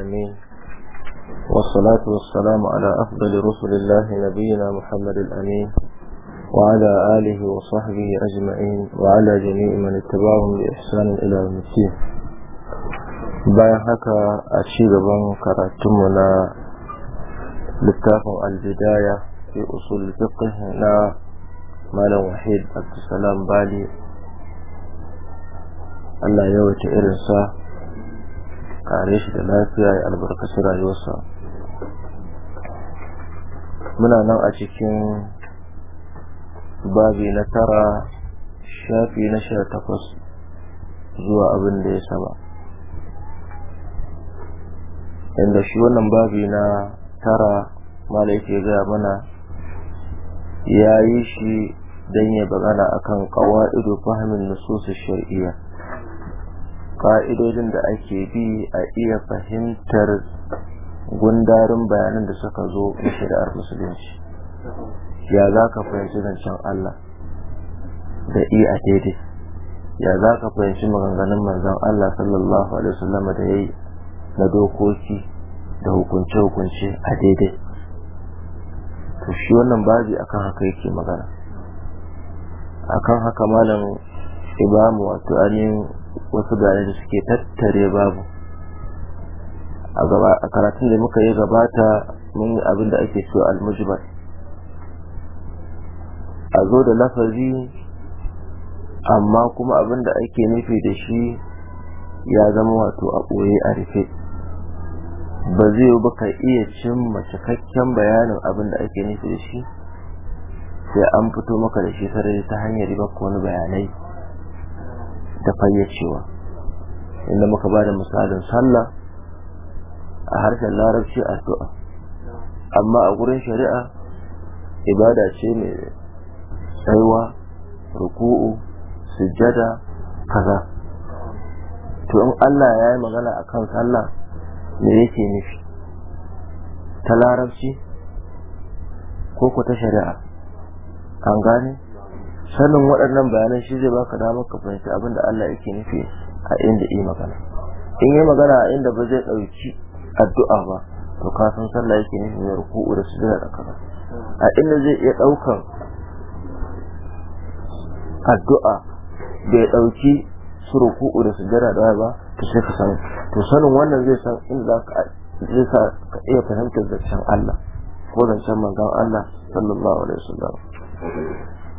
المسلمين والصلاة والسلام على أفضل رسل الله نبينا محمد الأمين وعلى آله وصحبه أجمعين وعلى جميع من اتبعهم بإحسان إلى المسيح بايحك أشيد بن كراتمنا لتاف البداية في أصول الفقه لا مال وحيد عبد السلام بالي الله يوجه إرساه kare shi da lafiya ya albarkaci rayuwarsa muna nan a cikin babi na tara shafi na sha takwas zuwa abin da ya saba inda shi wannan babi na tara mala yake gaya mana ya yi shi don ya bagana akan kawai ido fahimin nususun shari'iyya ƙa'idodin da ake bi a iya fahimtar gundarin bayanan da suka zo na shari'ar musulunci ya za ka fahimci zancen Allah da iya daidai ya za ka fahimci maganganun manzan Allah sallallahu alaihi wasallam da ya yi na dokoki da hukunce-hukunce a daidai to shi wannan a akan haka yake magana akan haka malam ibamu wato ainihin wasu gare da suke tattare babu a karatun da muka yi gabata mun yi abin da ake so almujibar a zo da lafazi amma kuma abin da ake nufi da shi ya zama wato a ɓoye a rufe ba zai yi ba ka iya cimma cikakken bayanin abin da ake nufi da shi sai an fito maka da shi sarari ta hanyar ba wani bayanai ta fayyacewa inda muka ba da misalin sallah a harshen larabci addu'a amma a gurin shari'a ibada ce mai tsaiwa ruku'u sujada kaza to in Allah ya yi magana akan sallah me yake nufi ta larabci ko ku ta shari'a an gane sanin waɗannan bayanan shi zai baka damar ka fahimci abin da Allah yake nufi a inda yi magana in yi magana a inda ba zai ɗauki addu'a ba to ka san sallah yake nufi mai ruku'u da sujada da kaza a inda zai iya ɗaukan addu'a bai ɗauki su ruku'u da sujada da ba to sai ka san to sanin wannan zai san inda za ka zai sa ka iya fahimtar zancen Allah ko zancen manzon Allah sallallahu alaihi wasallam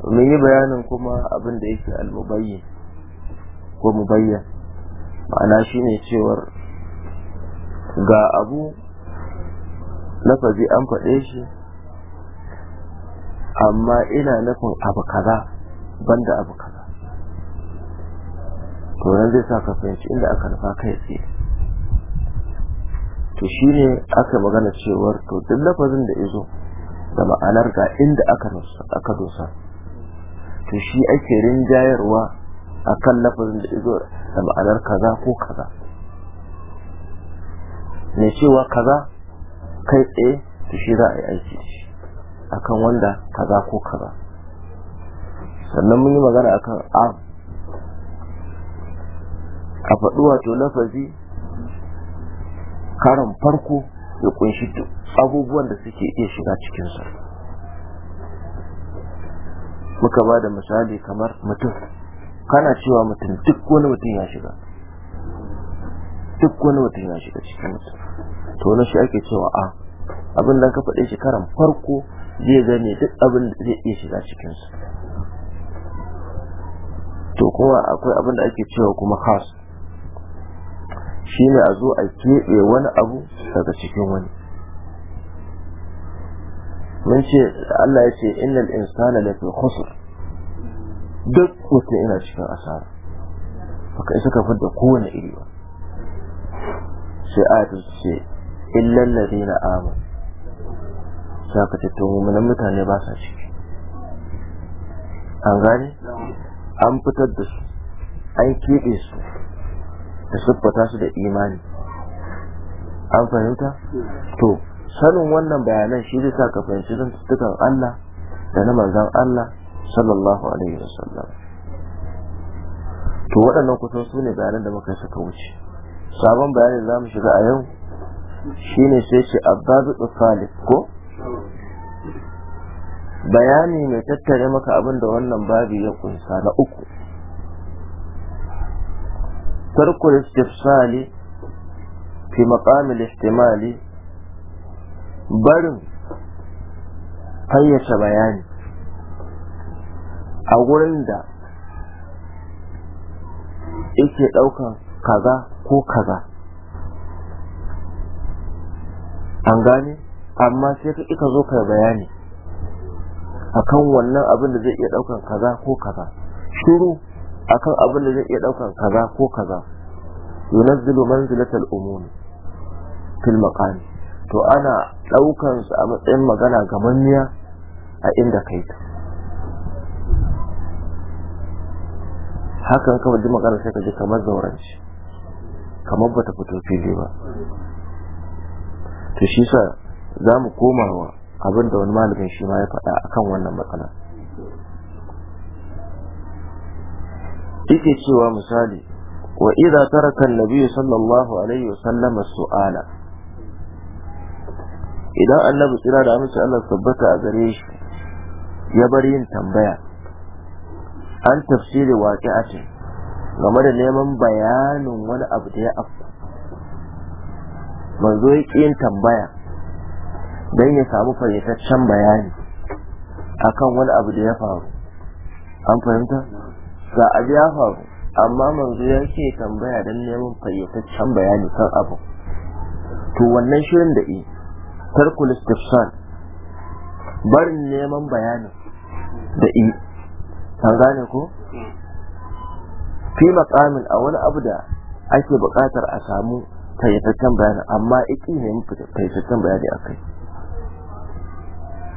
mun yi bayanin kuma abin da yake almubayyin ko mubayyan ma'ana shine cewar ga abu na faɗi an faɗe shi amma ina nufin abu kaza banda abu kaza to nan zai sa ka fahimci inda aka nufa kai tsaye to shine aka magana cewar to duk lafazin da izo da ma'anar ga inda aka dosa to shi ake rinjayarwa a kan lafazin da izo da ma'anar kaza ko kaza ne cewa kaza kai tsaye to shi za a yi aiki a kan wanda kaza ko kaza sannan mun yi magana akan a a faɗi wato lafazi karan farko ya kunshi abubuwan da suke iya shiga cikinsa muka ba da misali kamar mutum kana cewa mutum duk wani mutum ya shiga duk wani mutum ya shiga cikin mutum to na shi ake cewa a ah, abin da ka faɗe shekaran farko zai gane duk abin da zai iya shiga cikinsu to kuma akwai abin da ake cewa kuma khas ne a zo a keɓe wani abu daga cikin wani mun ce Allah ya ce innal insana lafi khusr duk mutum ina cikin asara baka isa ka da kowane iri ba sai ta ce illal ladina amanu saka ce to mu'minan mutane ba sa ciki an gane an fitar da su an keɓe su da siffata su da imani an fahimta to sanin wannan bayanan shi zai sa ka fahimci zantukan Allah da na manzan Allah sallallahu alaihi wasallam to waɗannan kusan su ne bayanan da muka suka wuce sabon bayani za mu shiga a yau shi ne sai ce abbasu tsalif ko bayani mai tattare maka abin da wannan babi ya kunsa na uku tarkul istifsali fi maqamil ihtimali barin fayyace bayani a wurin da yake ɗaukan kaza ko kaza an gane amma sai ka ika zo kai bayani akan wannan abin da zai iya ɗaukan kaza ko kaza shiru akan abin da zai iya ɗaukan kaza ko kaza yunazzilu manzilatal umumi fil maqami to ana ɗaukansu a matsayin magana ga manniya a inda kai ta hakan kawai ji magana sai ka ji kamar zauranci kamar bata fito fili ba to shi sa za mu komawa abin da wani malamin shi ma ya faɗa kan wannan matsala Ike cewa misali wa idza taraka an-nabiy sallallahu alaihi wasallam su'ala idan annabi tsira da amince Allah tabbata a gare shi ya bar yin tambaya an tafsiri a ce game da neman bayanin wani abu da ya afku manzo ya ƙi yin tambaya don ya samu fayyataccen bayani akan wani abu da ya faru an fahimta ga abu ya faru amma manzo ya ke tambaya don neman fayyataccen bayani kan abu to wannan shirin da iya tarkul istifsal barin neman bayani da i an gane ko fi makamin a wani abu da ake buƙatar a samu tayyataccen bayani amma iki ne mu tayyataccen bayani akai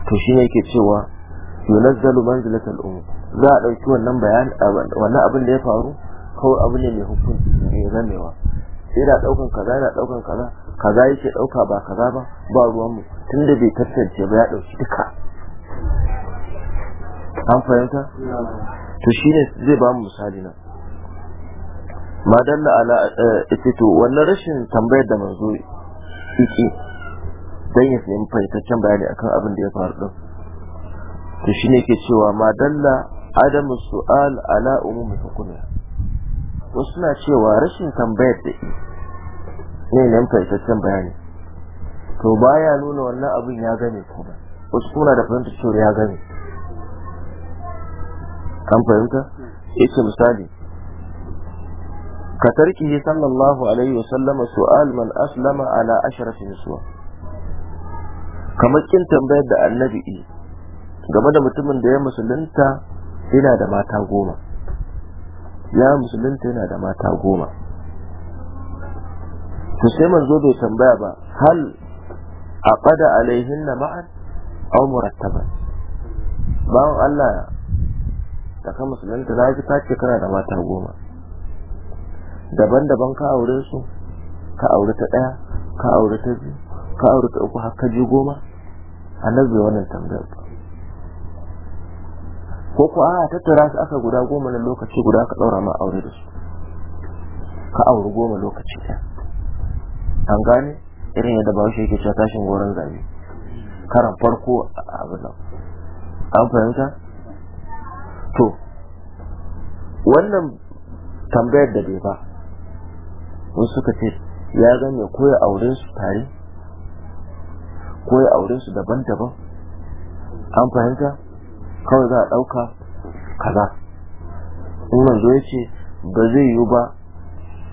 to shi ne yake cewa yunazzalu al um za a dauki wannan bayan wannan abin da ya faru kawai abu ne mai hukunci mai zamewa. sai da daukan kaza da daukan kaza kaza yake dauka ba kaza ba ba ruwan mu tunda bai tantance ba ya dauki duka an fahimta to shine zai ba mu misali nan madalla ala eh, ita to wannan rashin tambayar da manzo yake dan ya sayi fahimtaccen bayani akan abin da ya faru din to shine yake cewa Madalla adam adamu su'al ala umumi hukuma. wasu na cewa rashin tambayar da ne nan fahimtaccen bayani to ba ya nuna wannan abin ya gane ko ba wasu suna da fahimta cewa ya gane kan fahimta yace misali ka tarki tarkihi sallallahu alaihi Sallama su man aslama ala asharati niswa kamar kin tambayar da annabi game da mutumin da ya musulunta yana da mata goma ya musulunta yana da mata goma to sai manzo bai tambaya ba hal a ƙada alaihin na ma'an au murattaba bawan Allah da ka musulunta na ji ka ce kana da mata goma daban-daban ka aure su ka aure ta ɗaya ka aure ta biyu ka aure ta uku har ka ji goma annabi zai wannan tambayar ba ko ko a tattara su aka guda goma na lokaci guda ka ɗaura ma aure da su ka aure goma lokaci ɗaya an gane irin yadda bahaushe yake cewa tashin goron zabe karan farko abin nan an fahimta to wannan tambayar da bai ba wasu suka ce ya gane ko ya aure su tare ko ya aure su daban-daban an fahimta kawai za a ɗauka kaza in manzo ya ce ba zai yi ba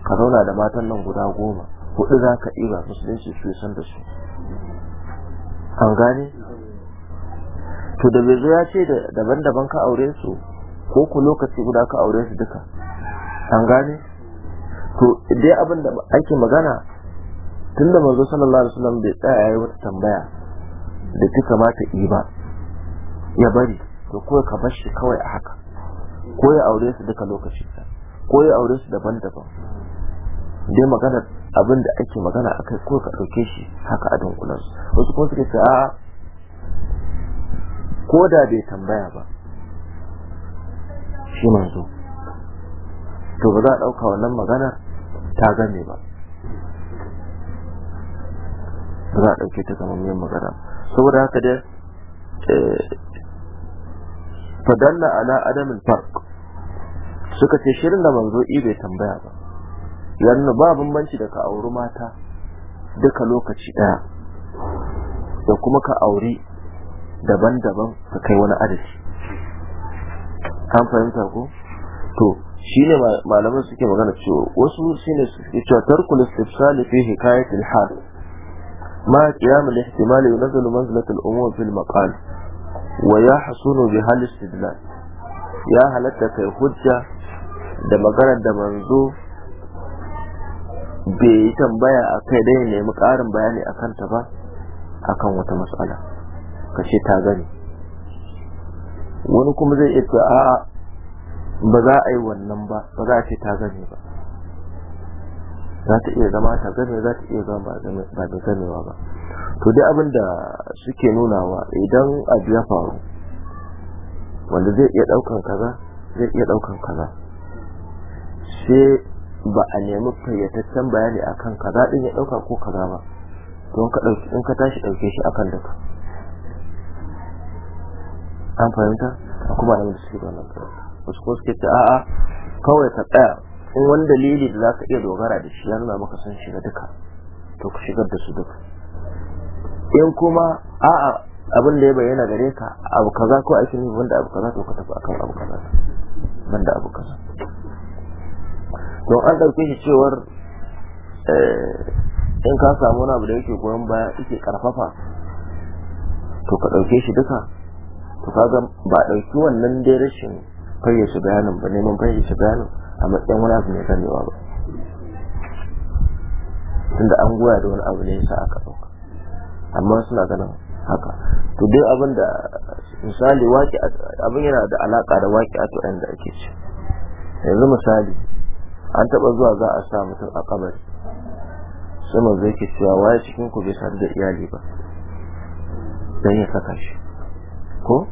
ka zauna da matan nan guda goma hudu za ka ɗiba musulunci su san da su an gane to da bai zo ya ce daban-daban ka aure su ko ku lokaci guda ka aure su duka an gane to dai abin da ake magana tun da manzo sallallahu alaihi wasallam bai tsaya yayi wata tambaya da ta kamata yi ba ya bari to kawai ka bar shi kawai a haka ko ya aure su duka lokacin ko ya aure su daban-daban dai magana abin da ake magana a kai ko ka ɗauke shi haka a dunkulan wasu kuma suke a, ko da bai tambaya ba shi manzo to ba za a ɗauka wannan magana ta gane ba ba za a ɗauke ta zama yin magana saboda haka da eh, fadalla ala adamin Park suka ce shirin da manzo i bai tambaya ba yanzu ba bambanci da ka auri mata duka lokaci daya da kuma ka auri daban-daban ka kai wani adadi an fahimta ko to shine malaman suke magana cewa wasu shine suke cewa tarkul istifsal fi hikayat al-hal ma qiyam al-ihtimal yunzilu manzilat al-umur fi al-maqal wa yahsunu bi hal istidlal ya halatta kai hujja da magana da manzo bai yi tambaya a kai dai nemi ƙarin bayani a kanta ba akan wata matsala ka ce ta gani wani kuma zai iya a ba za a yi wannan ba ba za a ce ta gani ba za ta iya zama ta gani, za ta iya zama ba da ganewa ba to dai abin da suke nunawa idan abu ya faru wanda zai iya daukan kaza zai iya daukan kaza sai ba a nemi fayyataccen bayani akan kaza ɗin ya ɗauka ko ka ba don ka ɗauki in ka tashi ɗauke shi akan ka an fahimta kuma a yanzu ba nan wasu ko suke ce a'a kawai ka tsaya in wani dalili da za ka iya dogara da shi ya nuna maka son shiga duka to ku shigar da su duka in kuma a'a abin da ya bayyana gare ka abu kaza ko aikin wanda abu kaza to ka tafi akan abu kaza banda abu kaza to an ɗauke shi cewar eh, in ka samu wani abu da yake goyon baya yake karfafa to ka ɗauke shi duka to kaga ba ɗauki wannan dai rashin fayyace bayanin ba neman fayyace bayanin a matsayin wani abu mai ganewa ba tunda an goya da wani abu ne sa aka ɗauka amma suna ganin haka to dai abin da misali abin yana da alaƙa da waƙi a to da ake ci yanzu misali an taba zuwa za a sa mutum a kabari sai zai yake cewa waye cikin ku bai sadu da iyali ba dan ya saka shi ko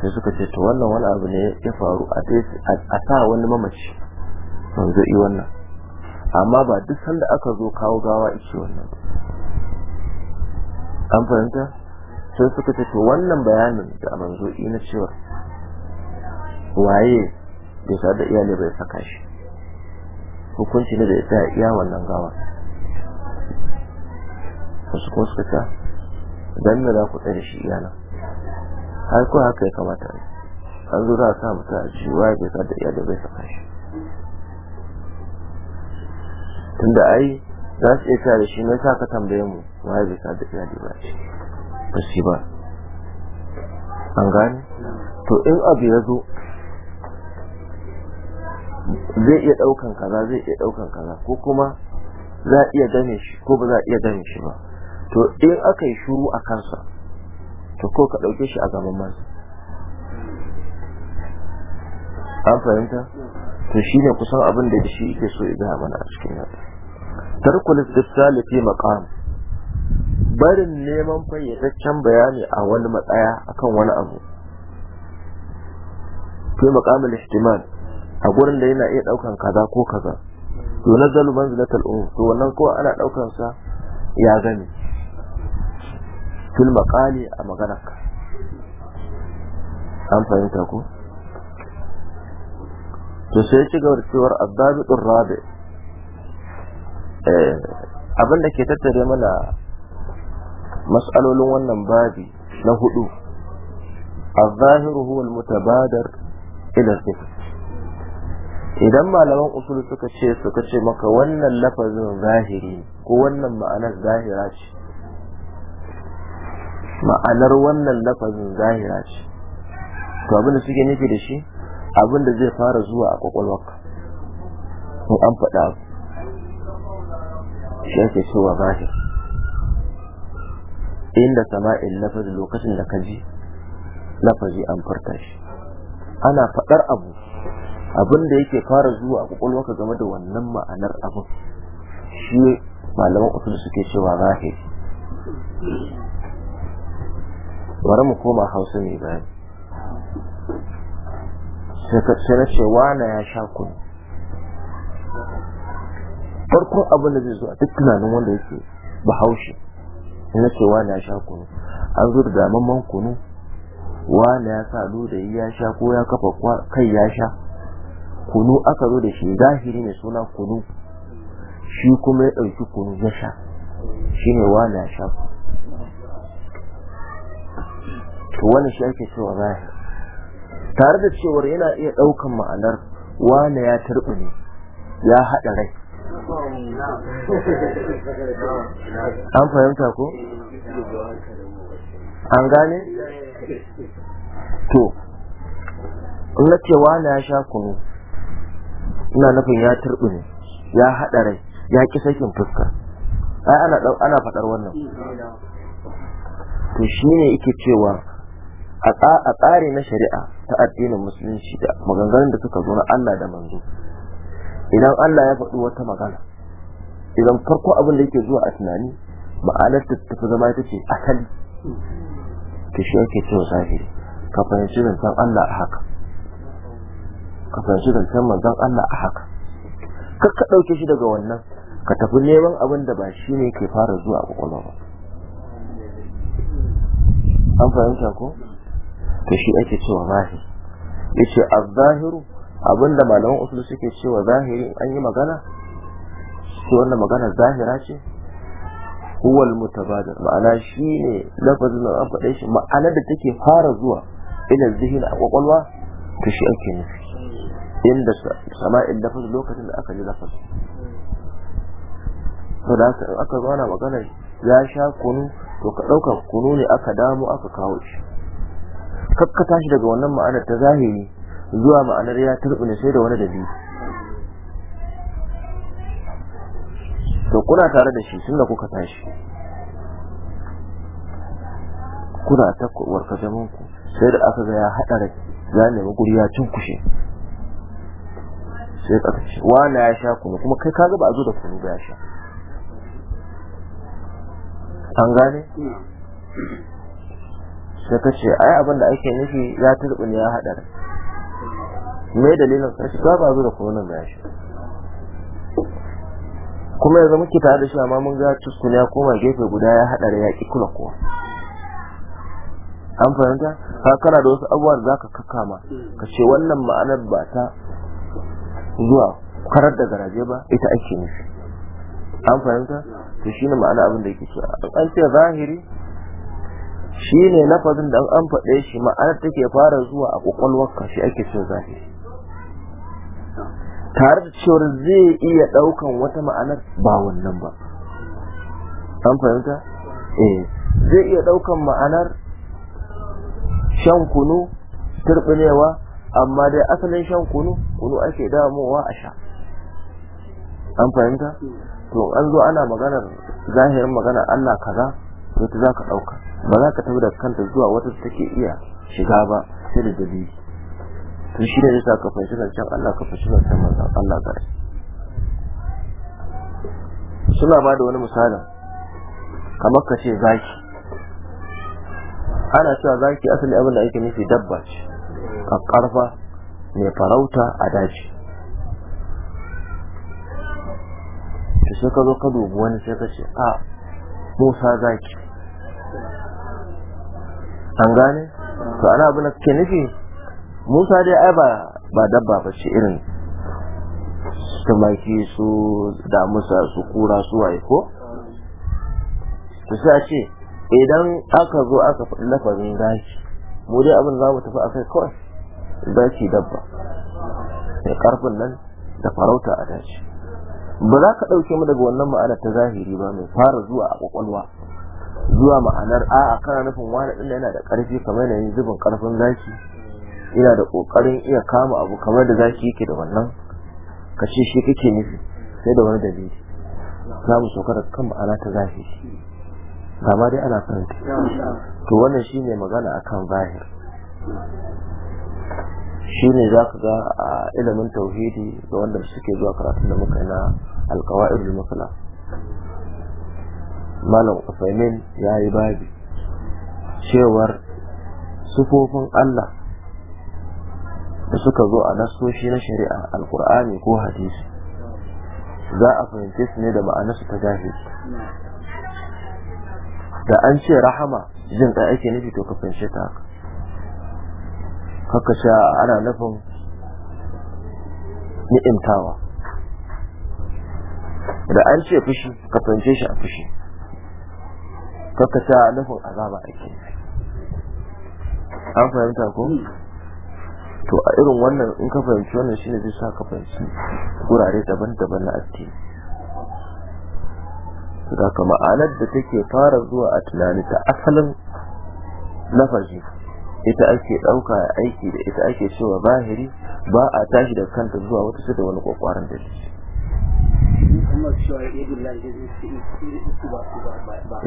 sai suka ce to wannan wani abu ne ya faru a sa wani mamaci manzo yi wannan amma ba duk sanda aka zo kawo gawa ice wannan an fahimta sai suka ce to wannan bayanin da manzo na cewa waye bai sa da iyali bai saka shi hukunci ne da ya tsaya iya wannan gawa wasu kuma suka ta dan da za ku tsaye da shi iyana. har ko haka ya kamata a an zo za a sa mutum a cewa ya bai sa da iyali bai saka shi tunda ai za su iya ta da shi na sa ka tambaye mu waye bai sa da iyali ba ce ba shi ba an gane to in abu ya zo zai iya daukan kaza zai iya daukan kaza ko kuma za a iya gane shi ko ba za a iya gane shi ba to in aka yi shuru a kansa to ko ka dauke shi a gaban man an fahimta to shine kusan abin da shi yake so ya gaya mana a cikin yadda tarkulis istifsali fi maqam barin neman fayyataccen bayani a wani matsaya akan wani abu fi maqamul ihtimal a gurin da yana iya daukan kaza ko kaza to nazalu manzilatul um to wannan ko ana daukan sa ya gani fil maqali a maganar ka an fahimta ko to sai ci gaba da cewar addabitur rabi eh abin ke tattare mana mas'alolin wannan babi na hudu الظاهر هو المتبادر إلى الذهن idan malaman usul suka ce suka ce maka wannan lafazin zahiri ko wannan ma'anar zahira ce ma'anar wannan lafazin zahira ce to abin da suke nufi da shi abin da zai fara zuwa a kwakwalwarka in an faɗa abu shi ake cewa zahir inda sama'in lafazin lokacin da ka ji lafazi an farka shi ana faɗar abu abin da yake fara zuwa a kwakwalwarka game da wannan ma'anar abin shi malaman usul suke cewa zahiri bari mu koma hausa mai bayani sai na ce wana ya sha kunu farkon abin da zai zo a duk tunanin wanda yake bahaushe na ce wana ya sha kunu an zo da damamman kunu wana ya sa da ya sha ko ya kafa kai ya sha kunu aka zo da shi zahiri mai suna kunu shi kuma ya ɗauki kunu ya sha shi ne wani ya sha to wani shi ake cewa zahiri tare da cewar yana iya ɗaukan ma'anar wani ya turɓi ne ya haɗa rai an fahimta ko an gane to in na ce wani ya sha kunu ina nufin ya turbude ya haɗa rai ya ƙi sakin fuska ai ana ana faɗar wannan to shine yake cewa a tsari na shari'a ta addinin musulunci da maganganun da suka zo na Allah da manzo idan Allah ya faɗi wata magana idan farko abin da yake zuwa a tunani ma'anar ta tafi zama ita ce asali to shi yake cewa zahiri ka fahimci zancen Allah a haka ka da zancen manzon Allah a haka kar ka ɗauke shi daga wannan ka tafi neman abin da ba shi ne ke fara zuwa a kwakwalwa ba an fahimta ko to shi ake cewa zahiri yace az-zahiru abinda malaman usul suke cewa zahiri an yi magana shi wannan magana zahira ce huwa al-mutabadir ma'ana shine lafazin da an faɗe shi ma'ana da take fara zuwa ila zihin a kwakwalwa to shi ake nufi inda sama'in fasa lokacin da aka ji lafaz to da aka zauna magana ya sha kunu to ka ɗauka kunu ne aka damu aka kawo shi kakka tashi daga wannan ma'anar ta zahiri zuwa ma'anar ya turbine sai da wani dabi to kuna tare da shi tun da kuka tashi kuna ta warkace ku sai da aka ga ya haɗa rai ya nemi guri ya cunkushe sai ka ce wani ya sha kunu kuma kai kaga ba a zo da kunu ba ya sha an gane sai ka ce ai abin da ake nufi ya ne ya haɗar me dalilin sarki ba ba zo da kunu nan ba ya sha kuma yanzu muke tare da shi amma mun ga tuskun ya koma gefe guda ya haɗa da yaƙi kula kuwa an fahimta ka kana da wasu abubuwan da zaka kakkama ka ce wannan ma'anar ba ta zuwa karar da garaje ba ita ake nufi an fahimta to shine ma'ana abin da yake cewa an ce zahiri shine lafazin da an faɗe shi ma'anar take fara zuwa a kwakwalwarka shi ake cewa zahiri tare da cewar zai iya ɗaukan wata ma'anar ba wannan ba an fahimta eh zai iya ɗaukan ma'anar shan kunu turbinewa amma dai asalin shan kunu kunu ake damowa a sha an fahimta to an zo ana maganar zahirin maganar Allah kaza to ta zaka dauka ba za ka tafi da kanta zuwa wata take iya shiga ba sai da dalili to shi ne yasa ka fahimci zancen Allah ka fahimci zancen manzon Allah gare suna ba da wani misalin kamar ka ce zaki ana cewa zaki asali abin da ake nufi dabba ce ƙarfa mai farauta a daji da sai ka zo ka dubi wani sai ka ce a musa zaki an gane to ana abu na ke nufi musa dai ai ba dabba ba ce irin tumaki su damusa su kura su waye ko ce idan aka zo aka faɗi lafazin zaki mu dai abin za mu tafi a kai kawai zaki dabba mai karfin nan da farauta a daji ba za ka dauke mu daga wannan ma'anar ta zahiri ba mai fara zuwa a kwakwalwa zuwa ma'anar a'a kana nufin wani ɗin yana da ƙarfi kamar yin zubin ƙarfin zaki yana da ƙoƙarin iya kama abu kamar da zaki yake da wannan ka ce shi kake nufi sai da wani dalili za mu sauka da kan ma'ana ta zahiri ba ma dai ana fahimta to wannan shine magana akan zahir shi ne za ka ga a ilimin tauhidi ga wanda suke zuwa karatun da muka na alkawa'ir da makala malam usaimin ya yi babi cewar sufofin allah da suka zo a nasoshi na shari'a alkur'ani ko hadisi za a fahimce su ne da ma'anarsu ta gafi da an ce rahama jin ɗaya ake nufi to ka fahimce ta haka haka sha ana nufin ni'imtawa da an ce fushi ka tsance shi a fushi haka sha nufin azaba ake an fahimta ko to a irin wannan in ka fahimci wannan shi ne zai sa ka fahimci wurare daban-daban na addini da kama ma'anar da take fara zuwa a tunani ta asalin lafazi ita ake ɗauka aiki da ita ake cewa bahiri ba a tashi da kanta zuwa wata su da wani kwakwaran da shi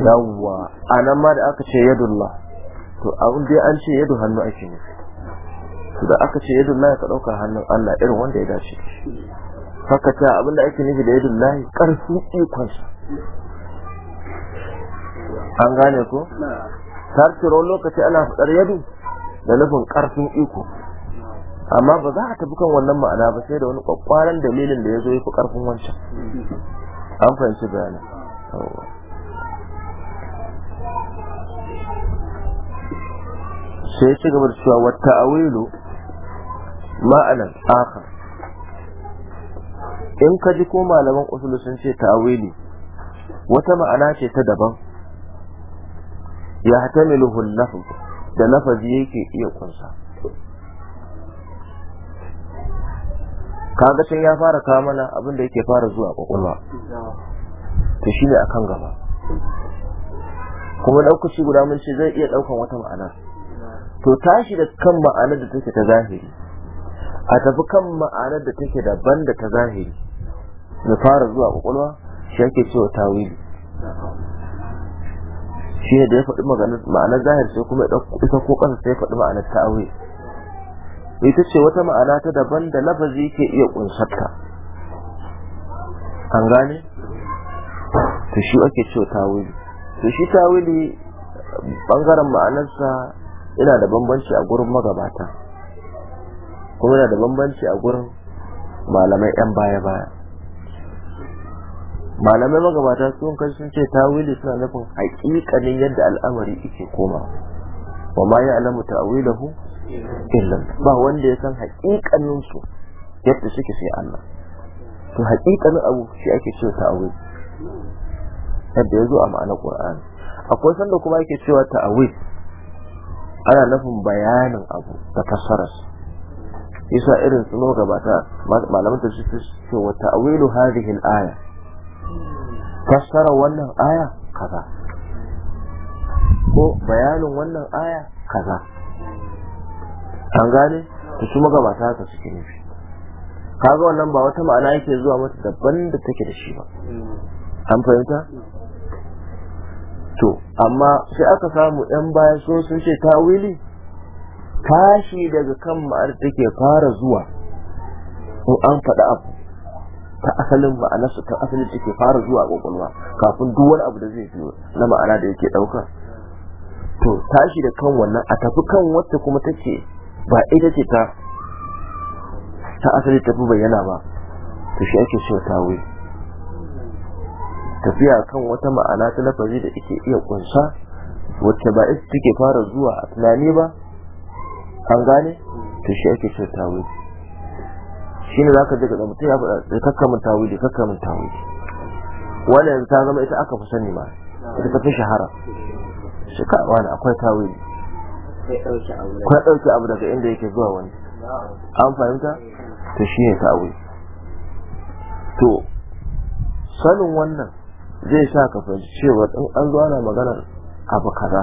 yawwa a nan ma da aka ce yadullah to abin dai an ce yadu hannu ake nufi to da aka ce yadullah ka ɗauka hannun allah irin wanda ya dace haka ta abin da ake nufi da yadullah ƙarfin ikonsa an gane ko? Tarkiro lokaci ana fadar yadu da nufin ƙarfin iko amma ba za a tafi kan wannan ma'ana ba sai da wani kwakwaran dalilin da ya zo ya fi ƙarfin wancan an fahimci bayanin sai ya ci gaba da cewa wata awilu ma'anan aka in ka ji ko malaman usulu sun ce awili wata ma'ana ce ta daban ya hatamilu hulnafu da lafazi yake iya kunsa kaga sai ya fara kawo mana abin da yake fara zuwa kwakwalwa to shi ne akan gaba kuma ɗaukaci guda mun ce zai iya ɗaukar wata ma'ana to tashi da kan ma'anar da take ta zahiri a tafi kan ma'anar da take daban da ta zahiri da fara zuwa kwakwalwa shi ake cewa tawili shi da ya faɗi ma'anar zahir sai kuma ita ko ƙasa sai ya faɗi ma'anar ta'awi ita ce wata ma'ana ta daban da lafazi ke iya ƙunsarta an gane to shi ake cewa tawili to shi tawili bangaren ma'anarsa yana da bambanci a gurin magabata kuma yana da bambanci a gurin malamai 'yan baya-baya malamai magabata sun kai sun ce tawili suna nufin haƙiƙanin yadda al'amari yake koma wa ma ya'lamu ta'wilahu illa ba wanda ya san haƙiƙanin su yadda suke sai Allah to haƙiƙanin abu shi ake cewa ta'wil yadda ya zo a ma'anar Qur'an akwai sanda kuma yake cewa ta'wil ana nufin bayanin abu da fassararsa yasa irin su magabata malamai tafsir ce wa ta'wilu hadhihi al-aya fassara wannan aya kaza ko bayanin wannan aya kaza an gane ta su magabata haka suke nufi kaga wannan ba wata ma'ana yake zuwa mata daban da take da shi ba an fahimta to amma sai aka samu yan baya so sun ce wili. tashi daga kan ma'ar take fara zuwa in an faɗi abu ta asalin ma'anarsa ta asalin take fara zuwa kwakwalwa kafin duk wani abu da zai biyo na ma'ana da yake ɗauka to tashi da kan wannan a tafi kan wacce kuma take ba ita ce ta ta asali tafi bayyana ba to shi ake ta wuri tafiya kan wata ma'ana ta lafazi da ike iya kunsa wacce ba ita take fara zuwa a tunani ba an gane to shi ake ta wuri shine zaka je ka zama? mutum ya faɗa kakka mun da kakka mun tawili wannan ta zama ita aka fi sani ma ita ta fi shahara shi ka wani akwai ne akwai ɗauke abu daga inda yake zuwa wani an fahimta to shi ne tawili to sanin wannan zai sa ka fahimci cewa in an zuwa na maganar abu kaza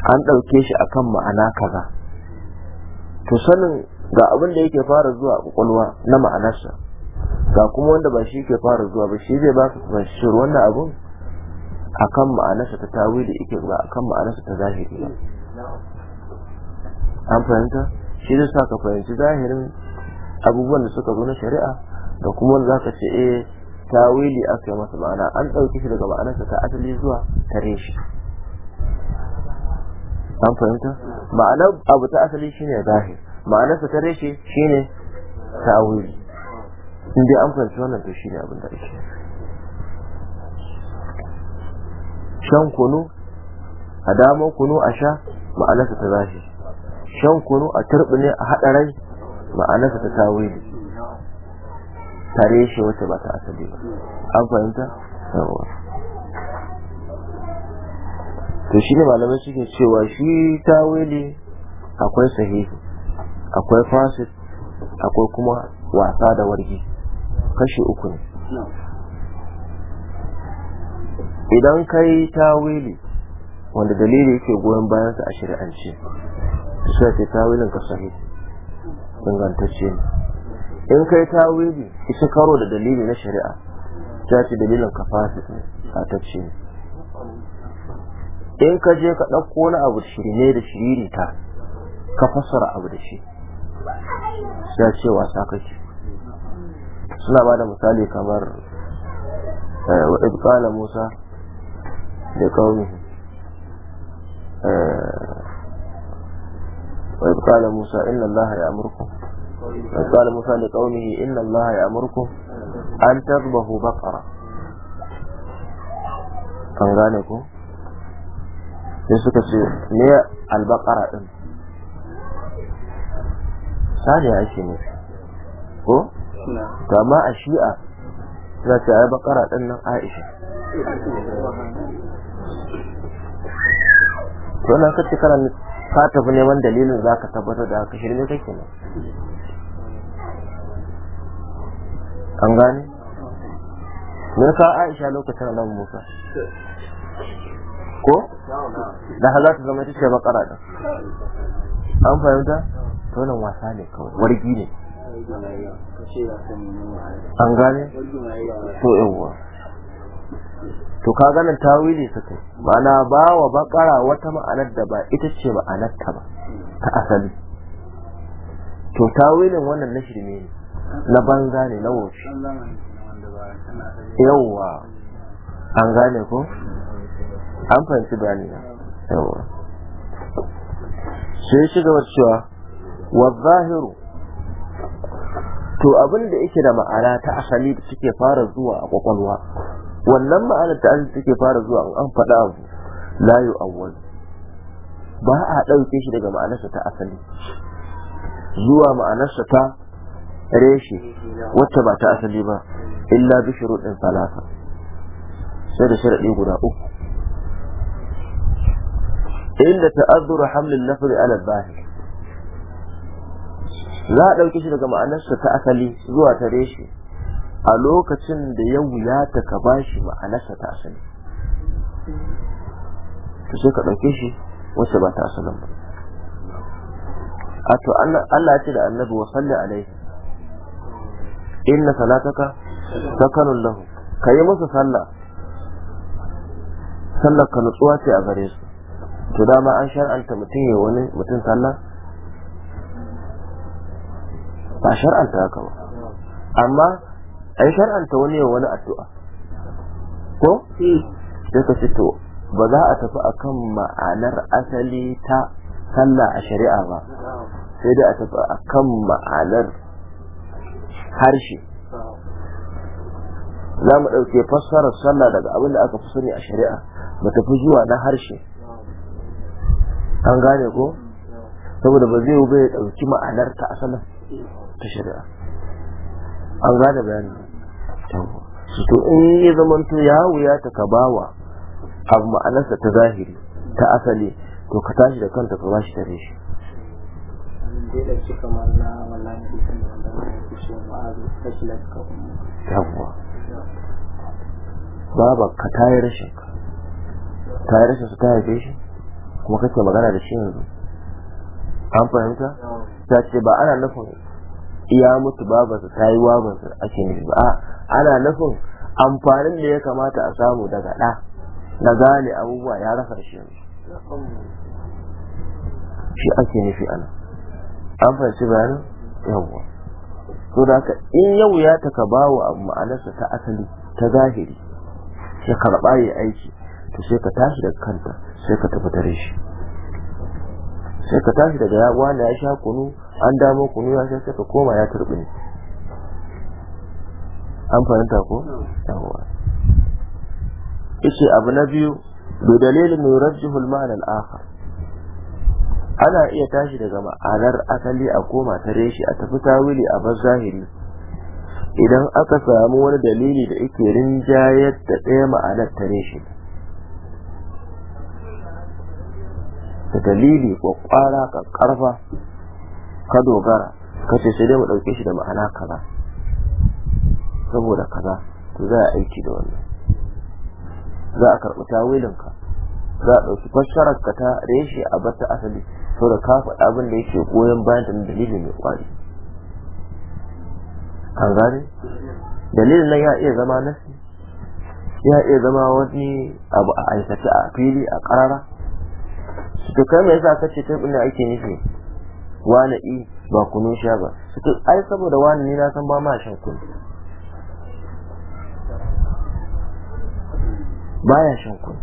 an ɗauke shi akan ma'ana kaza to sanin ga abin da yake fara zuwa a kwakwalwa na ma'anarsa ga kuma wanda ba shi yake fara zuwa ba shi zai baka fahimtar wannan a akan ma'anarsa ta tawili yake ba akan ma'anarsa ta zahiri an fahimta shi zai sa ka fahimci zahirin abubuwan da suka zo na shari'a da kuma wanda zaka ce eh tawili aka yi masa ma'ana an ɗauki shi daga ma'anarsa ta asali zuwa tare shi an fahimta ma'anar abu ta asali shine zahir ma'anar sa tare shi shine ta in dai an fahimci wannan to shine abin da ake shan kunu a dama kunu a sha ma'anarsa ta zahir shan kunu a turbine a haɗa rai ma'anarsa ta tawili tare shi wacce ba ta asali ba an fahimta yawa to shi ne malamai suke cewa shi tawili akwai sahihi akwai fasit akwai kuma wasa da wargi kashi uku ne idan kai tawili wanda dalili yake goyon bayansa a shari'ance su sai ce tawilin ka sahihi ingantacce ne in kai tawili isa karo da dalili na shari'a ta ce dalilin ka fasit ne a tacce ne in ka je ka ɗauko wani abu shiri ne da shiri ne ta ka fassara abu da shi ya ce wasa kake suna ba da misali kamar eh, wa ibqala musa da kaumi eh, wa ibqala musa inna allaha ya'murukum wa ibqala musa da kaumi inna allaha ya'murukum an tadhbahu baqara kan gane ko sai suka ce me albaqara din ya ake ne ko to ma a shi'a za ta yi bakara din nan Aisha to na kace kana ka tafi neman dalilin ka tabbatar da haka shirme kake ne an gane me Aisha lokacin nan Musa ko da haza za ta zama ita ce bakara da an fahimta to wasa ne kawai wargi ne an gane to yawwa to ka ganin tawili suka ma'ana ba wa bakara wata ma'anar da ba ita ce ma'anar ta ba ta asali to tawilin wannan na shirme ne na banza ne na wuce. yawwa an gane ko an fahimci bayani na yawa sai shi gaba cewa wa zahiru to abinda da yake da ma'ana ta asali da suke fara zuwa a kwakwalwa wannan ma'anar ta asali suke fara zuwa an faɗa abu layu awwal ba a ɗauke shi daga ma'anarsa ta asali zuwa ma'anarsa ta reshe wacce ba ta asali ba illa bi shuruɗin salasa sai da sharaɗi guda uku inda ta'azzuru hamlin lafzi ala zahir za a ɗauke shi daga ma'anarsa ta asali zuwa tare shi a lokacin da ya wuyata ka ba shi ta asali to sai ka ɗauke shi wacce ba ta asalin ba a to Allah ce da annabi wa salli alaihi inna salataka sakanun lahu ka yi musu sallah sallar ka nutsuwa ce a gare su to dama an shar'anta mutum ya wani mutum sallah ba shar'anta haka ba amma a yi shar'anta wani ya wani addu'a ko sai ka to ba za a tafi akan ma'anar asali ta sallah a shari'a ba sai dai a tafi akan ma'anar harshe za mu ɗauke fassarar sallah daga abin da aka fi sani a shari'a mu tafi zuwa na harshe an gane ko saboda ba zai bai dauki ma'anar ta asalin ta shari'a an gane bayani su to in ya zaman to ya wuya ta ka bawa abu ma'anarsa ta zahiri ta asali to ka tashi da kanta ka bashi tare shi yawwa baba ka tayar rashin ka tayar rashin su ta haife shi kuma kake magana da shi yanzu an fahimta ta ce ba ana nufin iya mutu babansa ta yi wabansa ake nufi ba ana nufin amfanin da ya kamata a samu daga ɗa na gane abubuwa ya rasa shi yanzu shi ake nufi ana an fahimci bayanin yawwa to da haka in yau ya taka bawa abu ma'anarsa ta asali ta zahiri ya karɓa ya aiki to sai ka tashi daga kanta sai ka tafi tare shi sai ka tashi daga yawa na ya sha kunu an damo kunu ya sha sai ka koma ya turbi ne an fahimta ko yawa ishe abu na biyu da dalilin mai rajji mana al ana iya tashi daga ma'anar asali a koma tare shi a tafi tawili a bar zahiri idan aka samu wani dalili da yake rinjayar da ɗaya ma'anar tare shi da dalili ko kwara ka karfa ka dogara ka ce sai dai mu ɗauke shi da ma'ana kaza saboda kaza to za a aiki da wannan za a karɓi ka za a ɗauki fassarar ka ta reshe a bar ta asali da ka faɗa abin da yake goyon bayan da dalili mai kwari an gane dalilin nan ya iya zama nasi ya iya zama wani abu a aikace a fili a ƙarara to kai me yasa kace kai ina ake nufi wani i ba kunun sha ba to ai saboda wani ne na san ba ma shan kunu baya shan kunu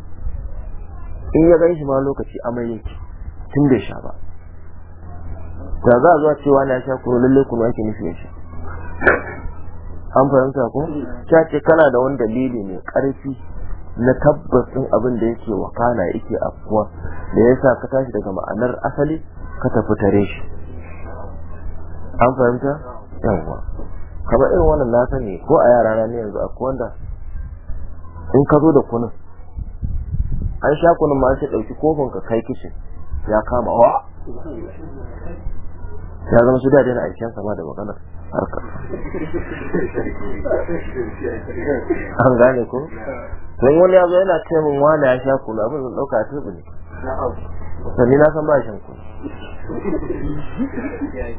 in ya gan shi ma lokaci amai yake tun bai sha ba da za a zuwa cewa na sha kunu lalle kunu ake nufi ya sha an fahimta ko ta ce kana da wani dalili mai karfi. na tabbas tabbacin abin da yake wakana yake afuwa da ya sa ka tashi daga ma'anar asali ka tafi tare shi an fahimta yawwa kamar irin wannan na sani ko a yara na yanzu akwai wanda in ka zo da kunun an sha kunun ma sai ɗauki kofin ka kai kishin ya kama wa ya zama su da daina aikensa ma da maganar an gane ko don wani yazo yana ce min wani ya sha kula abin zan dauka ta ne sani na san bashin ku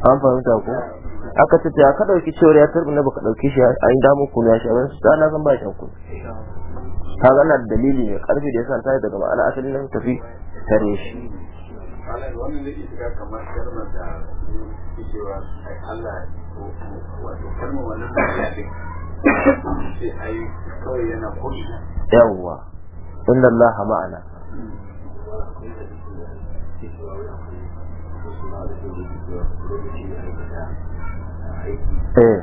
an fahimta ko aka ce ta dauki cewar ya tarbi na baka dauki shi a yi damu ya shi abin su na san bashin ku ta gana da dalili mai karfi da yasa san yi daga ma'ana asalin nan tafi tare shi wannan da ke shiga kamar karmar da cewa Allah yawwa inda Allah ma'ana eh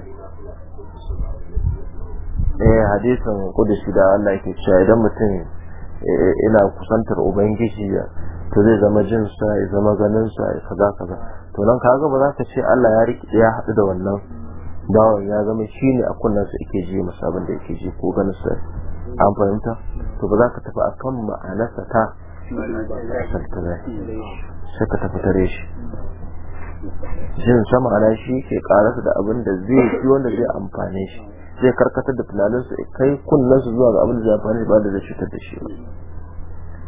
eh hadisin kudusi da Allah yake cewa idan mutum eh, eh, ina kusantar ubangiji to zai zama jin sa ya zama ganin sa ya kaza kaza to nan kaga ba za ka ce Allah ya riki ya hadu da wannan bawan ya zama shine a kunnan sa yake ji masa abin da yake ji ko ganin sa an fahimta to ba za ka tafi akan ma'anarsa ta sai ka tafi tare shi jin sama ana shi ke karasa da abin da zai ji wanda zai amfane shi zai karkatar da tunaninsa kai kunnansu zuwa ga abin da zai amfane shi ba da zai cutar da shi ba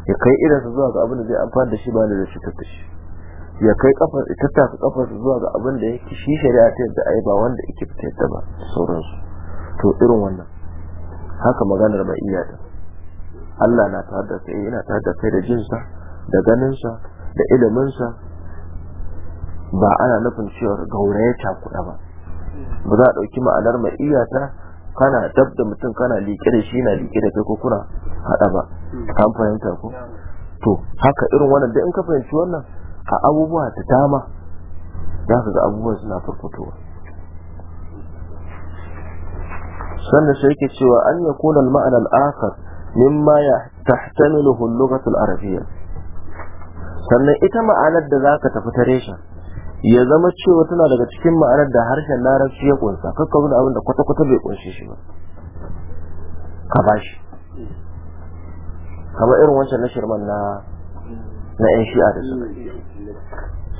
ya kai idansa zuwa ga abin da zai amfani da shi ba da shi cutar shi ya kai kafar ita ta kafar zuwa ga abin da yake shi shari'a ta yadda ai ba wanda yake fitar da ba sauransu to irin wannan haka maganar mai iya da Allah na tare da kai yana tare da kai da jinsa da ganinsa da iliminsa ba ana nufin cewa gauraya cakuɗa ba ba za a ɗauki ma'anar mai kana dab da mutum kana liƙe da shi na liƙe da kai ko kuna haɗa ba hmm. an fahimta ko to haka irin wannan da in ka fahimci wannan a abubuwa da dama za ka ga abubuwa suna farfatowa sannan sai yake cewa an ya kuna ma'anar akar mimma ya tahtamilu lugatul arabiyya sannan ita ma'anar da za ka tafi ta reshen ya zama cewa tana daga cikin ma'anar da harshen larabci ya kunsa kakka zuwa abin da kwata-kwata bai kunshe shi ba ka ba shi kamar irin wancan na shirman na na yan shi'a da suka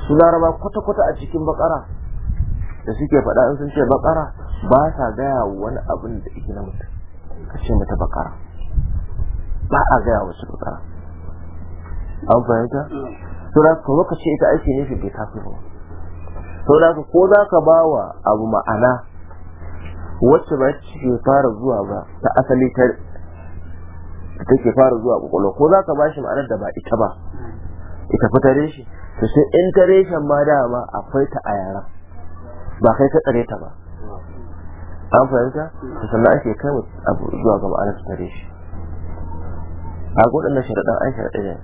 su laraba kwata-kwata a cikin bakara da suke faɗa in sun ce bakara ba sa gaya wani abin da ike na mutum ka ce mata bakara ba a gaya wasu bakara an fahimta? Sura kuma ka ce ita aiki ne fi bai tafi ba. sau da ko za ka ba wa abu ma'ana wacce ba ke fara zuwa ba ta asali ta ke take fara zuwa kwakwalwa ko za ka ba shi ma'anar da ba ita ba ita fitare shi to sai in tare shi ma dama akwai ta a yara ba kai ta tsare ta ba an fahimta to sannan ake kai abu zuwa ga ma'anar ta tare shi a gudun na sharaɗin an sharaɗi ne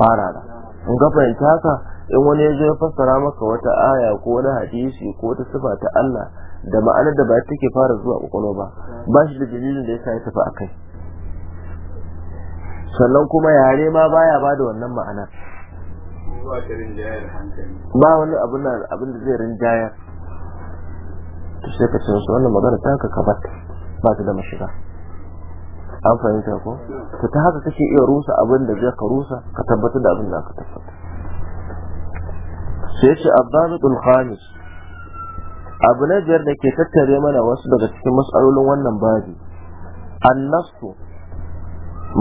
fara da in ka fahimta haka in wani ya zo ya fassara maka wata aya ko wani hadisi ko wata sifa ta Allah da ma'anar da ba ta ke fara zuwa kwakwalwa ba ba shi da dalilin da ya sa ya tafi a kai sannan kuma yare ma baya ba da wannan ma'ana ba wani abin da zai rinjaya to sai ka su wannan magana ta ka kabar ba ta da mashiga an fahimta ko ta haka kake iya rusa abin da zai ka rusa ka tabbatar da abin da aka tabbatar. sai ce abbasul khamis abu na biyar da ke tattare mana wasu daga cikin matsalolin wannan babi annasu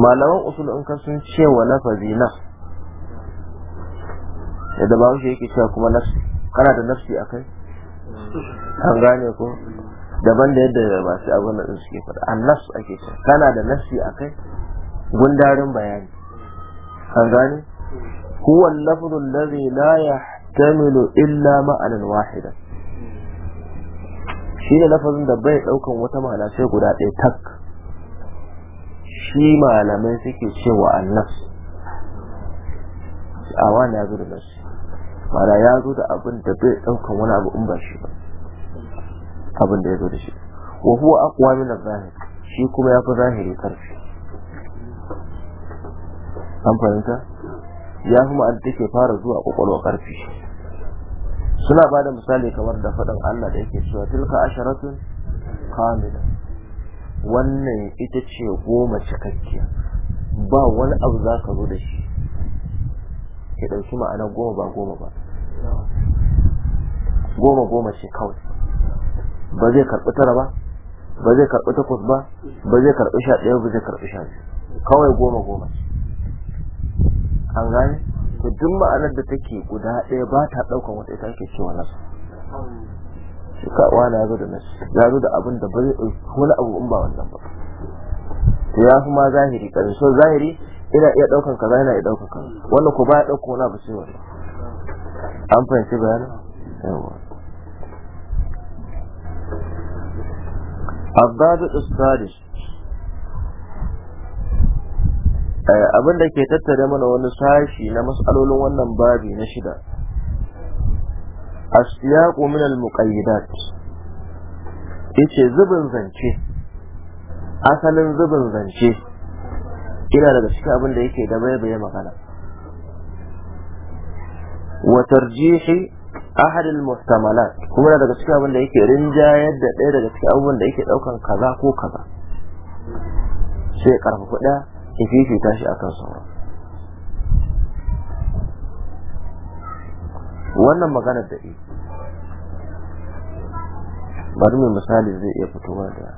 malaman usul in sun ce wa lafazi nas Da ba shi yake cewa kuma nafsi kana da nafsi a kai an gane ko daban da yadda masu abin da suke faɗa annas ake cewa kana da nafsi a kai gundarin bayani an gane huwa lafzul ladhi la yah yahtamilu illa ma'anan wahida shi ne lafazin da bai daukan wata ma'ana sai guda ɗaya tak shi malamai suke cewa A awa na zo da nasu ma'ana ya zo da abin da bai daukan wani abu in ba ba abin da ya zo da shi wa huwa aqwa min az shi kuma ya fi zahiri karfi an fahimta ya fi ma'an take fara zuwa kwakwalwa karfi suna ba da misali kamar da faɗin Allah da yake cewa tilka asharatun kamila wannan ita ce goma cikakkiya ba wani abu za ka zo da shi ke ɗauki ma'ana goma ba goma ba goma goma ce kawai ba zai karɓi tara ba ba zai karɓi takwas ba ba zai karɓi sha ɗaya ba zai karɓi sha biyu kawai goma goma an gane to duk ma'anar da take guda ɗaya ba ta ɗaukar wata ita ake cewa nasu shi kawo na zo da nasu ya zo da abin da ba zai ɗauki wani abu in ba wannan ba to ya fi ma zahiri ƙarfi so zahiri ina iya ɗaukar kaza ina iya ɗaukar kaza wannan ko ba ya ɗauka wani abu sai wani an fahimci bayanin yawa الضابط السادس Eh, abin da ke tattare mana wani sashi na matsalolin wannan babi na shida asiyaqu min al-muqayyidat ce zubin zance asalin zubin zance ina daga cikin abin da yake da baibaye magana Watar jihi Ahadin muhtamalat kuma daga cikin abin da yake rinjayar da ɗaya daga cikin abubuwan da yake ɗaukan kaza ko kaza sai ƙarfafa ɗaya ya fifita shi akan sauran wannan magana da ita eh. bari mai misali zai iya fitowa da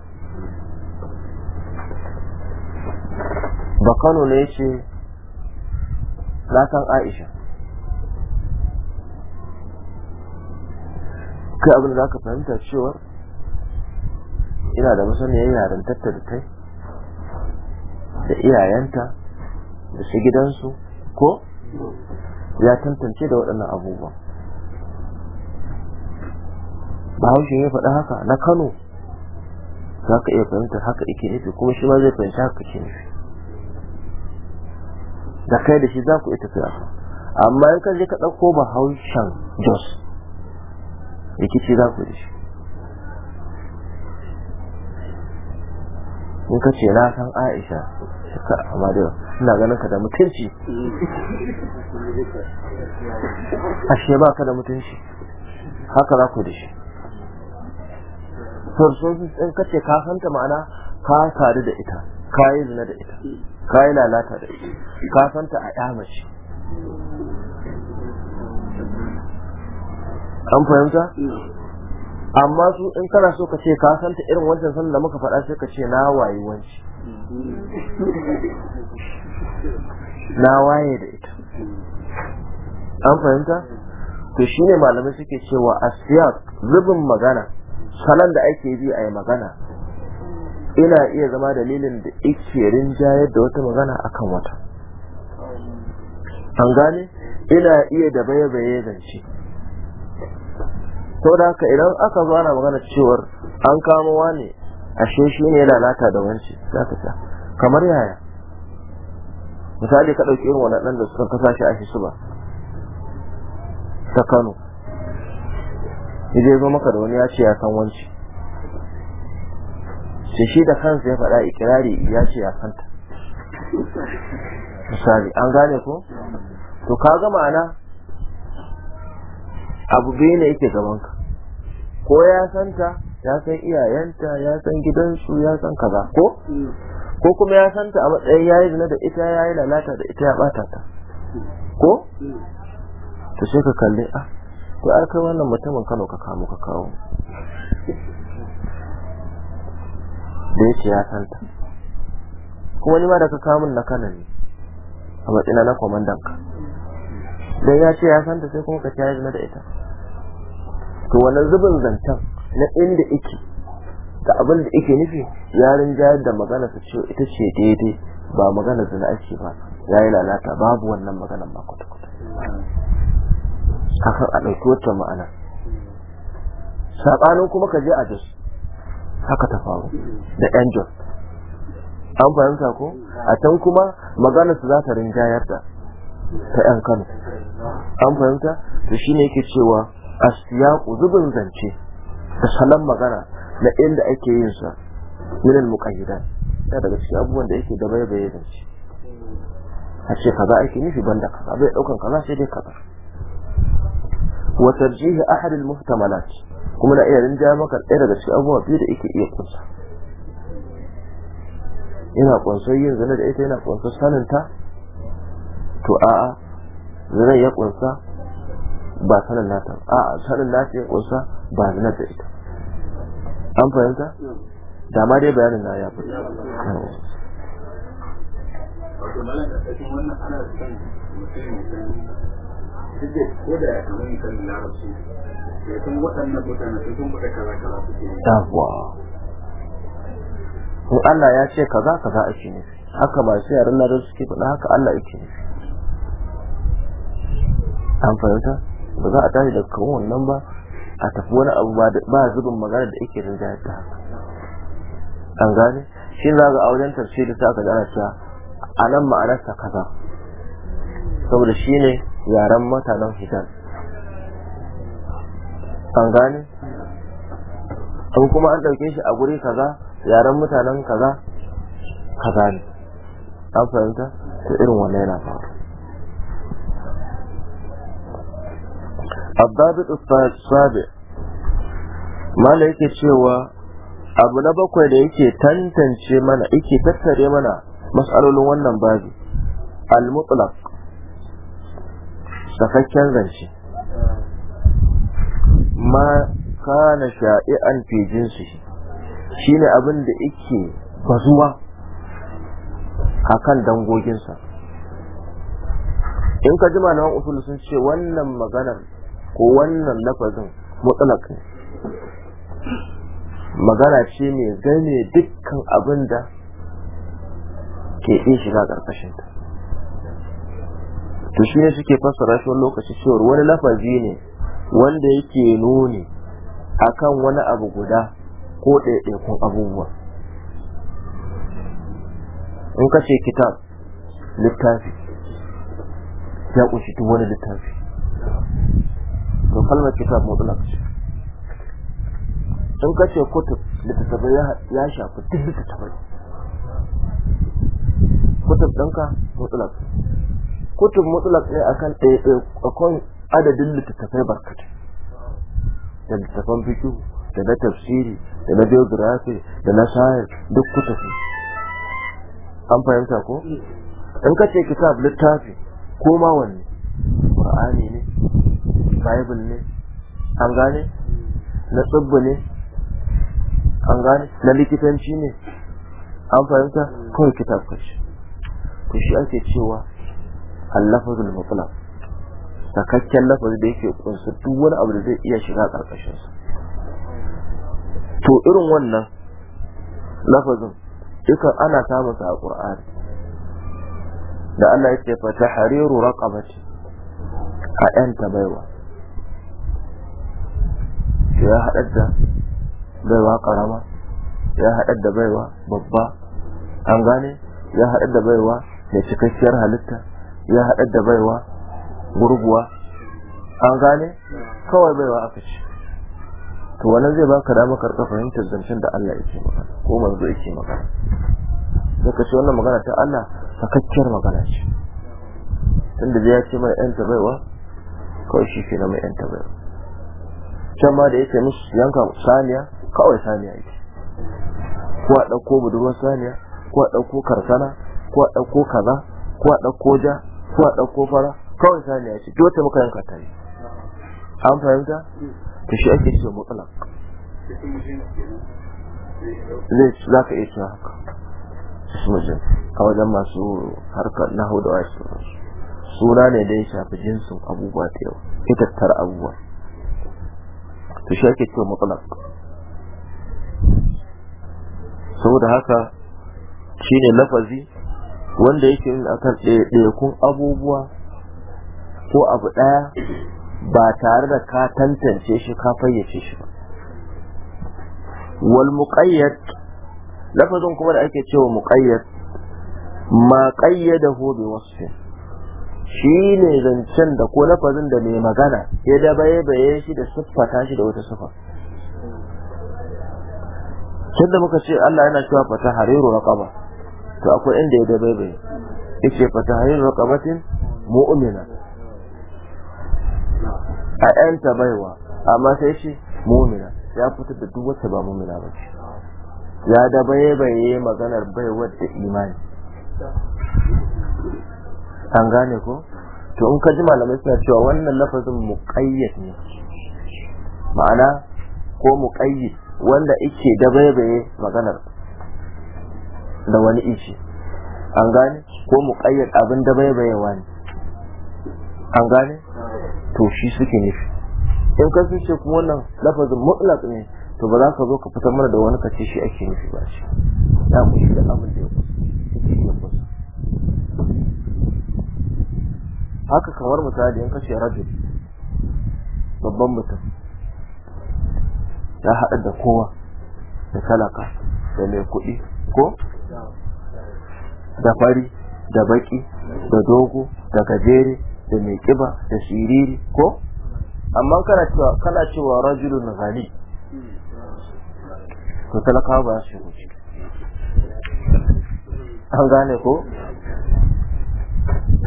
bakano ne ce na san aisha kai abin da za ka fahimta cewa ina da masaniyar yaren tattalin kai da iyayenta da shi gidansu ko ya tantance da waɗannan abubuwan bahaushe ya faɗi haka na kano za ka iya fahimtar haka ike nufi kuma shi ma zai fahimta haka ke nufi da kai da shi za ku iya tafiya amma in ka je ka ɗauko bahaushen jos rikici za ku da shi in ka ce na san aisha ka amma da ina ganin ka da mutunci ashe ba ka da mutunci haka za ku da shi farsofi in kace ka santa ma'ana ka sadu da ita ka yi zina da ita ka yi lalata da ita ka santa a ya mace an fahimta amma su in kana so ka ce ka san ta irin wancan sanin da muka faɗa sai ka ce na wayi wanci na waye da ita an fahimta to shine malamai suke cewa asiyat zubin magana salon da ake bi a yi magana ina iya zama dalilin da ike rinjayar da wata magana akan wata an gane ina iya da baye-baye zance da haka idan aka zo ana magana cewar an kamo wane ashe shi ne lalata da wanci za ka ta kamar yaya misali ka ɗauki irin wannan da suka kasa shi a shi ba ta kano ya zo maka da wani ya ce ya san wanci sai shi da kansa ya faɗa ikirari ya ce ya santa misali an gane ko to ka ga ma'ana abu biyu ne yake gabanka ko ya santa ya san iyayenta ya san gidansu ya san kaza ko ko kuma ya santa a matsayin yayi zina da ita yayi lalata da ita ya bata ta ko to sai ka kalli a? Ah, to ai kai wannan mutumin Kano ka kamo ka kawo da yake ya santa kuma ni ma da ka kamun na Kano ne a matsayin na kwamandan ka dan ya ce ya san ta sai kuma ka ce zina da ita to wannan zubin zantan na inda ike da abin da ike nufi yarin jayar da magana su ce ita ce daidai ba magana zina ake ba ya yi lalata babu wannan magana ba kwata-kwata a ɗauki ma'ana saɓanin kuma ka je a jos haka ta faru da yan jos an fahimta ko a can kuma magana su za ta rinjayar da ta yan kano an fahimta shi ne yake cewa a ku zubin zance da salon magana na inda ake yin sa minin muƙayyada ya daga cikin abubuwan da yake da ya zance a ce kaza ake nufi banda kaza bai ɗaukan kaza sai dai kaza wa jihi ahadin al muhtamalat kuma na iya rinja maka ɗaya daga cikin abubuwa biyu da yake iya kunsa yana kunsa yin zane da ita yana kunsa saninta to a'a zina ya kunsa ba sanin nata a'a sanin nata ya kunsa ba zina da ita an fahimta da ma dai bayanin na ya fi ko yawa in Allah ya ce kaza kaza ake ne, haka ba sai yaran da suke faɗa haka Allah yake ne. an fahimta ba za a tashi daga kawon wannan ba a tafi wani abu ba zubin magana da yake rinjayar ta haka an gane shi za ga auren da ta aka gane cewa a nan ta kaza saboda shi ne yaren mutanen hijar an gane abu kuma an ɗauke shi a guri kaza yaren mutanen kaza kaza ne an fahimta ta irin wannan yana faru abdabit sabi mala yake cewa abu na bakwai da yake tantance mana yake tattare mana mas'alolin wannan babi al-mutlaq sakakken zance ma kana sha'i'an fi shine abin da yake bazuwa kan dangoginsa in ka ji malaman usul sun ce wannan maganar ko wannan lafazin mutlaq ne magana ce mai gane dukkan abin da ke iya shiga ƙarƙashin ta to shi ne suke fasa shi lokaci cewar wani lafazi ne wanda yake nuni akan wani abu guda ko ɗaiɗaikun abubuwa in ka ce kitab littafi ya ƙunshi duk wani littafi to kalmar kitab mutlaq ce in ka ce kutub littattafai ya shafi duk littattafai kutub ɗinka mutlaq kutub mutlaq ne akan ɗaiɗaikon adadin littattafai barkatai da littattafan fikihu da na tafsiri da na geography da na science duk kutub an fahimta ko in ka ce kitab littafi ko ma wanne ne bible ne an gane na tsibbi ne an gane na likitanci ne an fahimta kawai kitab ce. ku shi ake cewa al-lafzul mutlaq sakakken lafazi da yake kunsa duk wani abu da zai iya shiga karkashin to irin wannan lafazin dukan ana samun sa a ƙur'ani da Allah ya yake hariru raƙa raqabati a yanta baiwa ya haɗar da baiwa ƙarama ya haɗar da baiwa babba an gane ya haɗar da baiwa mai cikakkiyar halitta ya haɗar da baiwa gurguwa an gane kawai baiwa aka ce to wannan zai baka dama karɓar fahimtar zancen da Allah yake magana ko manzo yake magana ka ce wannan magana ta Allah sakakkiyar magana ce tunda zai ya ce mai yanta baiwa kawai shi ke na mai yanta baiwa can ma da yake musu yanka saniya kawai saniya yake ko a ɗauko budurwar saniya ko a ɗauko karsana ko a ɗauko kaza ko a ɗauko ja ko a ɗauko fara kawai saniya ce Ki wata muka yanka tare? an fahimta ta shi ake cewa mutsala zai za ka iya cewa haka mujin a wajen masu harkar nahu da wasu suna ne da ya shafi jinsin abubuwa ta yau ita tattara abubuwa su shi ake cewa Sau saboda haka shine lafazi wanda yake yin akan ɗaiɗaikun abubuwa ko abu ɗaya ba tare da ka tantance shi ka fayyace shi ba wal muqayyad lafazin kuma da ake cewa muqayyad ma qayyadahu bi wasfin shi ne zancen da ko lafazin da mai magana ya dabaye baye shi da ta shi da wata siffa can da muka ce Allah yana cewa fata hariru raqaba to akwai inda ya dabaye baye yace fata hariru raqabatin mu'mina a yanta baiwa amma sai shi mu'mina ya fitar da duk wata ba mu'mina ba ya dabaye baye maganar baiwar da imani an gane ko to in ka ji malamai suna cewa wannan lafazin muqayyad ne ma'ana ko muqayyid wanda yake dabaibaye maganar da wani ishi an gane ko muqayyad abin dabaibaye wani, an gane to shi suke nufi in ka ce kuma wannan lafazin mutlaq ne to ba za ka zo ka fitar mana da wani kace shi ake nufi ba shi ya kushi da abin da ya kusa haka kamar misali in kace rajul babban mutum ya haɗa da kowa da talaka da mai kuɗi ko da fari da baki da dogo da gajere da mai kiba da siriri ko amma kana cewa kana cewa rajulun gani to talaka ba shi wuce an gane ko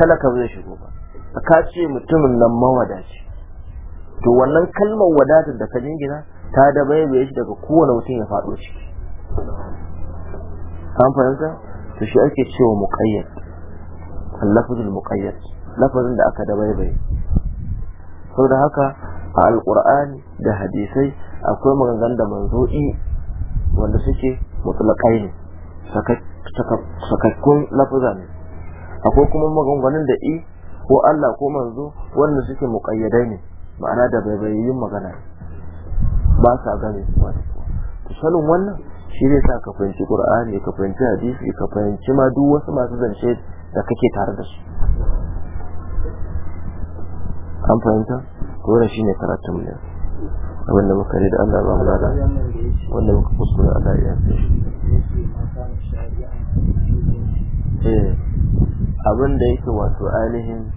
talaka bai shigo ba ka ce mutumin nan mawadaci to wannan kalmar wadatar da kajin gina ta da shi daga kowane mutum ya faɗo ciki an fahimta to shi ake cewa muƙayyar, lafazin lafzul lafazin da aka da baibaye saboda haka a Alƙur'ani da hadisai akwai maganganun da manzo'i wanda suke mutlaqai ne sakakkun lafaza akwai kuma maganganun da i ko Allah ko manzo wanda suke muƙayyadai ne ma'ana da baibayin magana ba sa gane su wani to sanin wannan shi ne sa ka fahimci Qur'ani ka fahimci hadisi ka fahimci ma duk wasu masu zance da kake tare da su an fahimta to shi shine karatun ne abin da muka da Allah ba mu lada wanda muka kuskure Allah ya yi eh abin da yake wato ainihin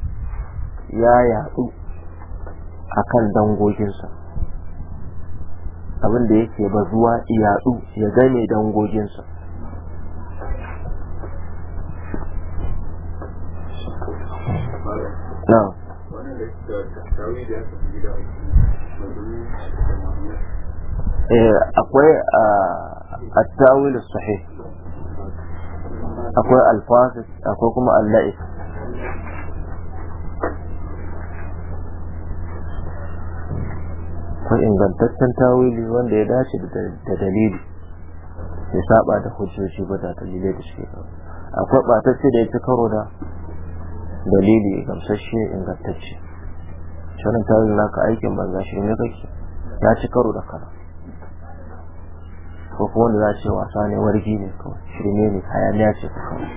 ya yatsu a kan dangoginsa abinda yake ba zuwa yatsu ya gane dangoginsa eh, akwai a tawil sahih akwai alfasis akwai kuma alla'is akwai ingantaccen tawili wanda ya dace da dalili ya saba da hujjoji ba da dalilai da suke akwai batacce da ya fi karo da dalili gamsasshe ingantacce shirin tawili ka aikin banza shi ne kake ya ci karo da kana ko kuma wanda za ce wasa ne wargi ne kawai shirme ne hayaniya ce kawai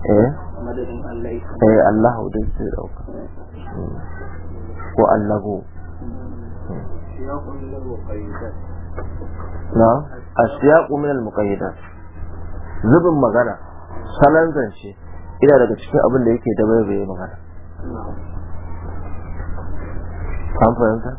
eh, eh Allah dai sai dauka eh. hmm. ko allago na asiyaqu min al-muqayyidat zubin magana salon zance ina daga cikin abin da yake dabaibaye magana an fahimta